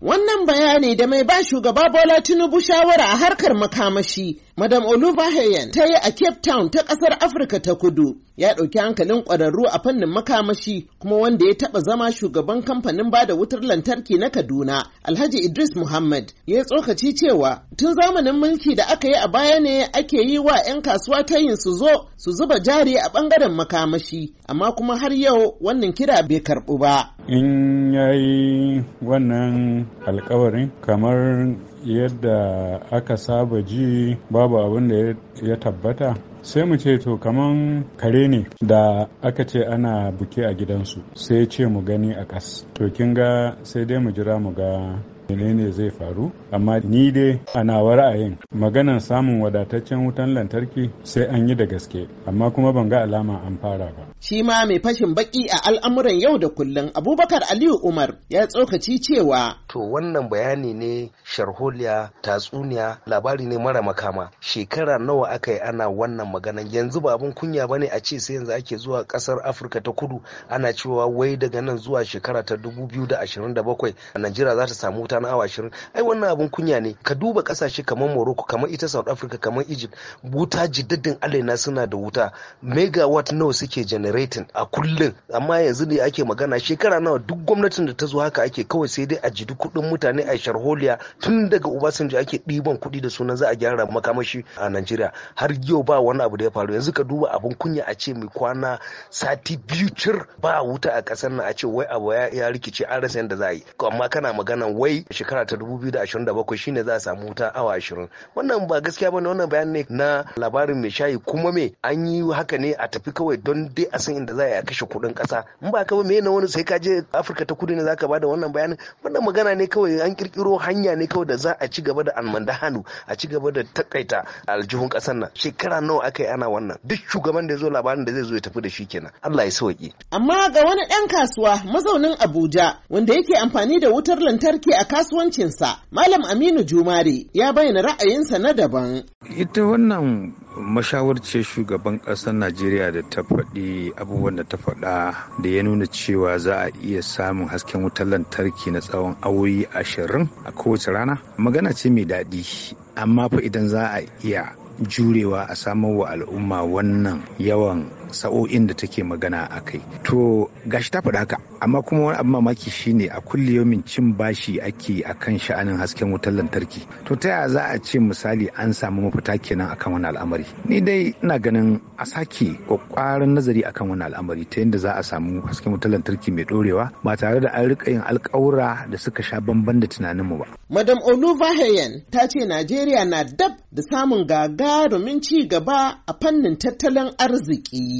Wannan bayani da mai ba shugaba Bola Tinubu shawara a harkar makamashi, Madam Olubahayan ta yi a Cape Town ta ƙasar Afirka ta Kudu. ya ɗauki hankalin ƙwararru a fannin makamashi kuma wanda ya taɓa zama shugaban kamfanin ba da wutar lantarki na Kaduna, Alhaji Idris Muhammad, ya tsokaci cewa tun zamanin mulki da aka yi a baya ne ake yi wa 'yan kasuwa ta yin su zo su zuba jari a ɓangaren makamashi, amma kuma har yau wannan kira bai karɓu ba. In yayi wannan alkawarin kamar yadda aka saba ji babu abin da ya tabbata sai mu ce to kaman kare ne da aka ce ana buke a gidansu sai ce mu gani a ƙas to kin ga sai dai mu jira mu ga menene zai faru amma ni dai a nawa ra'ayin maganan samun wadataccen wutan lantarki sai an yi da gaske amma kuma ban ga alama an fara ba shi ma mai fashin baki a al'amuran yau da kullum abubakar aliyu umar ya tsokaci cewa to wannan bayani ne sharholiya tatsuniya labari ne mara makama shekara nawa aka yi ana wannan maganan yanzu ba abin kunya bane a ce sai yanzu ake zuwa kasar afirka ta kudu ana cewa wai daga nan zuwa shekara ta a najeriya za ta samu wuta na awa ashirin ai wannan abin kunya ne ka duba kasashe kamar morocco kamar ita south africa kamar egypt wuta jiddadin alaina suna da wuta megawatt nawa suke generating a kullum amma yanzu ne ake magana shekara nawa duk gwamnatin da ta zo haka ake kawai sai dai a jidi kuɗin mutane a sharholiya tun daga obasanjo ake ɗiban kuɗi da sunan za a gyara makamashi a najeriya har yau ba wani abu da ya faru yanzu ka duba abin kunya a ce mai kwana sati biyu cir ba wuta a ƙasar nan a ce wai abu ya rikice an rasa yadda za a yi amma kana magana wai shekara ta 2027 shine za a samu wuta awa ashirin. wannan ba gaskiya bane wannan bayan ne na labarin mai shayi kuma me an yi haka ne a tafi kawai don dai a san inda za a kashe kuɗin ƙasa in ba ba me na wani sai ka je Afirka ta kudu ne za ba da wannan bayanin wannan magana ne kawai an kirkiro hanya ne kawai da za a ci gaba da almanda hannu a ci gaba da takaita aljihun ƙasar nan shekara nawa aka yi ana wannan duk shugaban da ya zo labarin da zai zo ya tafi da shi kenan Allah ya sauki amma ga wani ɗan kasuwa mazaunin Abuja wanda yake amfani da wutar lantarki a kasuwancinsa Malam Aminu Jumare ya bayyana ra'ayinsa na daban. Ita wannan mashawarciyar shugaban ƙasar Najeriya da ta faɗi abubuwan da ta faɗa da ya nuna cewa za a iya samun hasken wutar lantarki na tsawon awoyi ashirin a kowace rana magana ce mai daɗi amma fa idan za a iya jurewa a samar wa al'umma wannan yawan sa'o'in da take magana a kai to gashi ta faɗa haka amma kuma wani abu mamaki shine a kulle kulliyomin cin bashi ake a kan sha'anin hasken wutar lantarki to ta yaya za a ce misali an samu mafita kenan akan wani al'amari ni dai ina ganin a sake kwakwaran nazari akan wani al'amari ta yadda za a samu hasken wutar lantarki mai ɗorewa ba tare da an rika yin alƙawura da suka sha bamban da tunanin mu ba madam oluva heyen ta ce najeriya na dab da samun gagarumin ci gaba a fannin tattalin arziki